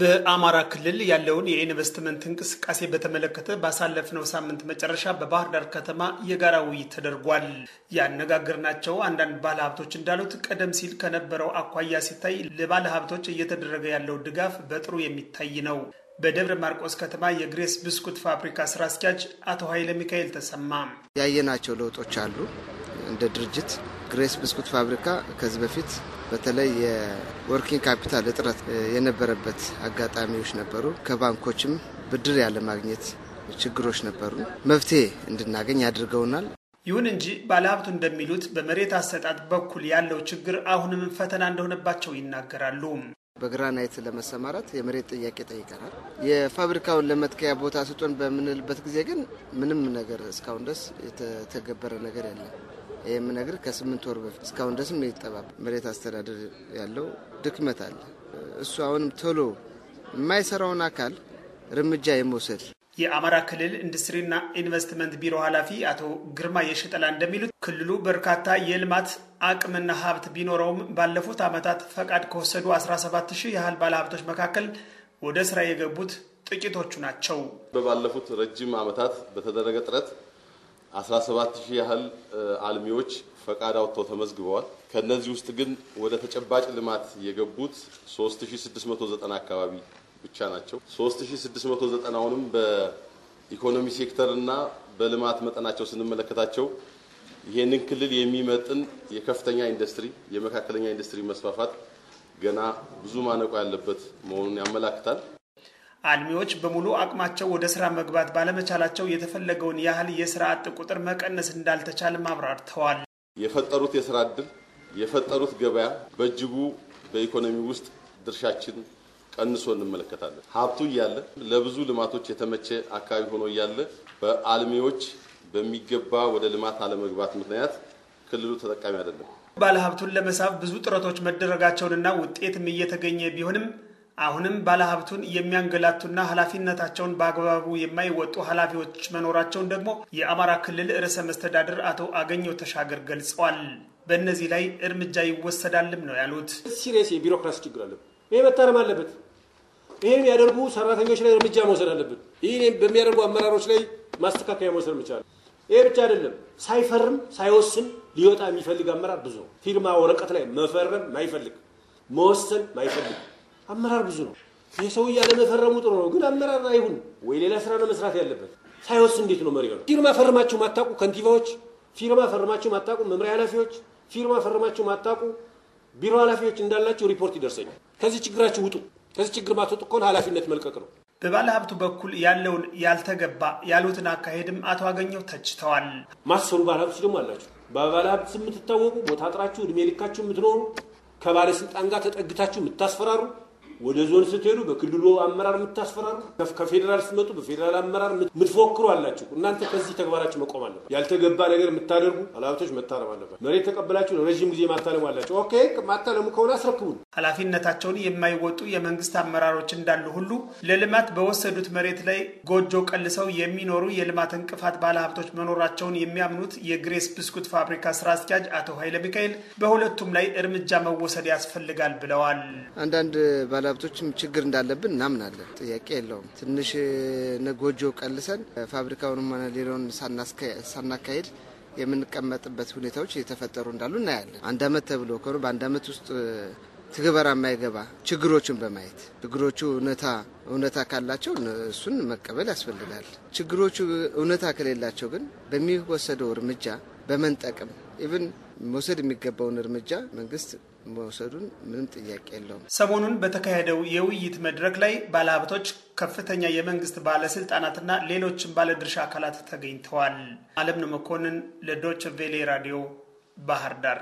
በአማራ ክልል ያለውን የኢንቨስትመንት እንቅስቃሴ በተመለከተ ባሳለፍነው ሳምንት መጨረሻ በባህር ዳር ከተማ የጋራ ውይይት ተደርጓል። ያነጋገርናቸው አንዳንድ ባለሀብቶች እንዳሉት ቀደም ሲል ከነበረው አኳያ ሲታይ ለባለሀብቶች እየተደረገ ያለው ድጋፍ በጥሩ የሚታይ ነው። በደብረ ማርቆስ ከተማ የግሬስ ብስኩት ፋብሪካ ስራ አስኪያጅ አቶ ኃይለ ሚካኤል ተሰማ ያየናቸው ለውጦች አሉ እንደ ድርጅት ግሬስ ብስኩት ፋብሪካ ከዚህ በፊት በተለይ የወርኪንግ ካፒታል እጥረት የነበረበት አጋጣሚዎች ነበሩ። ከባንኮችም ብድር ያለማግኘት ችግሮች ነበሩ። መፍትሄ እንድናገኝ አድርገውናል። ይሁን እንጂ ባለሀብቱ እንደሚሉት በመሬት አሰጣጥ በኩል ያለው ችግር አሁንም ፈተና እንደሆነባቸው ይናገራሉ። በግራናይት ለመሰማራት የመሬት ጥያቄ ጠይቀናል። የፋብሪካውን ለመትከያ ቦታ ስጡን በምንልበት ጊዜ ግን ምንም ነገር እስካሁን ድረስ የተተገበረ ነገር የለም። ይህም ነገር ከስምንት ወር በፊት እስካሁን ድረስ የሚጠባብ መሬት አስተዳደር ያለው ድክመት አለ። እሱ አሁንም ቶሎ የማይሰራውን አካል እርምጃ የመውሰድ የአማራ ክልል ኢንዱስትሪና ኢንቨስትመንት ቢሮ ኃላፊ አቶ ግርማ የሽጠላ እንደሚሉት ክልሉ በርካታ የልማት አቅምና ሀብት ቢኖረውም ባለፉት ዓመታት ፈቃድ ከወሰዱ 17 ሺህ ያህል ባለሀብቶች መካከል ወደ ስራ የገቡት ጥቂቶቹ ናቸው። በባለፉት ረጅም ዓመታት በተደረገ ጥረት 17 ሺህ ያህል አልሚዎች ፈቃድ አውጥተው ተመዝግበዋል። ከነዚህ ውስጥ ግን ወደ ተጨባጭ ልማት የገቡት 3690 አካባቢ ብቻ ናቸው። 3690ውንም በኢኮኖሚ ሴክተር እና በልማት መጠናቸው ስንመለከታቸው ይሄንን ክልል የሚመጥን የከፍተኛ ኢንዱስትሪ፣ የመካከለኛ ኢንዱስትሪ መስፋፋት ገና ብዙ ማነቆ ያለበት መሆኑን ያመላክታል። አልሚዎች በሙሉ አቅማቸው ወደ ስራ መግባት ባለመቻላቸው የተፈለገውን ያህል የስራ አጥ ቁጥር መቀነስ እንዳልተቻለም አብራርተዋል። የፈጠሩት የስራ እድል የፈጠሩት ገበያ በእጅጉ በኢኮኖሚ ውስጥ ድርሻችን ቀንሶ እንመለከታለን። ሀብቱ እያለ ለብዙ ልማቶች የተመቸ አካባቢ ሆኖ እያለ በአልሚዎች በሚገባ ወደ ልማት አለመግባት ምክንያት ክልሉ ተጠቃሚ አይደለም። ባለሀብቱን ለመሳብ ብዙ ጥረቶች መደረጋቸውንና ውጤትም እየተገኘ ቢሆንም አሁንም ባለሀብቱን የሚያንገላቱና ኃላፊነታቸውን በአግባቡ የማይወጡ ኃላፊዎች መኖራቸውን ደግሞ የአማራ ክልል ርዕሰ መስተዳድር አቶ አገኘው ተሻገር ገልጸዋል። በእነዚህ ላይ እርምጃ ይወሰዳልም ነው ያሉት። ሲሪየስ የቢሮክራሲ ችግር አለ። ይህ መታረም አለበት። ይህን ያደርጉ ሰራተኞች ላይ እርምጃ መውሰድ አለብን። ይህ በሚያደርጉ አመራሮች ላይ ማስተካከያ መውሰድ መቻል። ይሄ ብቻ አይደለም። ሳይፈርም ሳይወስን ሊወጣ የሚፈልግ አመራር ብዙ ፊርማ ወረቀት ላይ መፈረም ማይፈልግ መወሰን ማይፈልግ አመራር ብዙ ነው። ይህ ሰው ያለመፈረሙ ጥሩ ነው፣ ግን አመራር አይሁን ወይ ሌላ ስራ ነው መስራት ያለበት። ሳይወስ እንዴት ነው መሪ ነው? ፊርማ ፈርማችሁ ማታውቁ ከንቲባዎች፣ ፊርማ ፈርማችሁ ማታውቁ መምሪያ ኃላፊዎች፣ ፊርማ ፈርማችሁ ማታውቁ ቢሮ ኃላፊዎች እንዳላችሁ ሪፖርት ይደርሰኛል። ከዚህ ችግራችሁ ውጡ። ከዚህ ችግር ማትወጡ ከሆነ ኃላፊነት መልቀቅ ነው። በባለ ሀብቱ በኩል ያለውን ያልተገባ ያሉትን አካሄድም አቶ አገኘው ተችተዋል። ማሰሉ ባለ ሀብቶች ደግሞ አላችሁ። በባለ ሀብት የምትታወቁ ቦታ አጥራችሁ እድሜ ልካችሁ የምትኖሩ ከባለስልጣን ጋር ተጠግታችሁ የምታስፈራሩ ወደ ዞን ስትሄዱ በክልሉ አመራር የምታስፈራሩ፣ ከፌዴራል ስትመጡ በፌዴራል አመራር የምትፎክሩ አላችሁ። እናንተ ከዚህ ተግባራችሁ መቆም አለበት። ያልተገባ ነገር የምታደርጉ ኃላፊዎች መታረም አለበት። መሬት ተቀበላችሁ ለረዥም ጊዜ ማታለሙ አላቸው። ኦኬ ማታለሙ ከሆነ አስረክቡን። ኃላፊነታቸውን የማይወጡ የመንግስት አመራሮች እንዳሉ ሁሉ ለልማት በወሰዱት መሬት ላይ ጎጆ ቀልሰው የሚኖሩ የልማት እንቅፋት ባለሀብቶች መኖራቸውን የሚያምኑት የግሬስ ብስኩት ፋብሪካ ስራ አስኪያጅ አቶ ኃይለ ሚካኤል በሁለቱም ላይ እርምጃ መወሰድ ያስፈልጋል ብለዋል። አንዳንድ ባለ ባለሀብቶችም ችግር እንዳለብን እናምናለን። ጥያቄ የለውም። ትንሽ ጎጆ ቀልሰን ፋብሪካውንም ሆነ ሌላውን ሳናካሄድ የምንቀመጥበት ሁኔታዎች እየተፈጠሩ እንዳሉ እናያለን። አንድ አመት ተብሎ ከሆኑ በአንድ አመት ውስጥ ትግበራ የማይገባ ችግሮቹን በማየት ችግሮቹ እውነታ እውነታ ካላቸው እሱን መቀበል ያስፈልጋል። ችግሮቹ እውነታ ከሌላቸው ግን በሚወሰደው እርምጃ በመንጠቅም ኢቭን መውሰድ የሚገባውን እርምጃ መንግስት መውሰዱን ምንም ጥያቄ የለውም። ሰሞኑን በተካሄደው የውይይት መድረክ ላይ ባለሀብቶች፣ ከፍተኛ የመንግስት ባለስልጣናትና ሌሎችም ባለድርሻ አካላት ተገኝተዋል። አለምነው መኮንን ለዶች ቬሌ ራዲዮ ባህር ዳር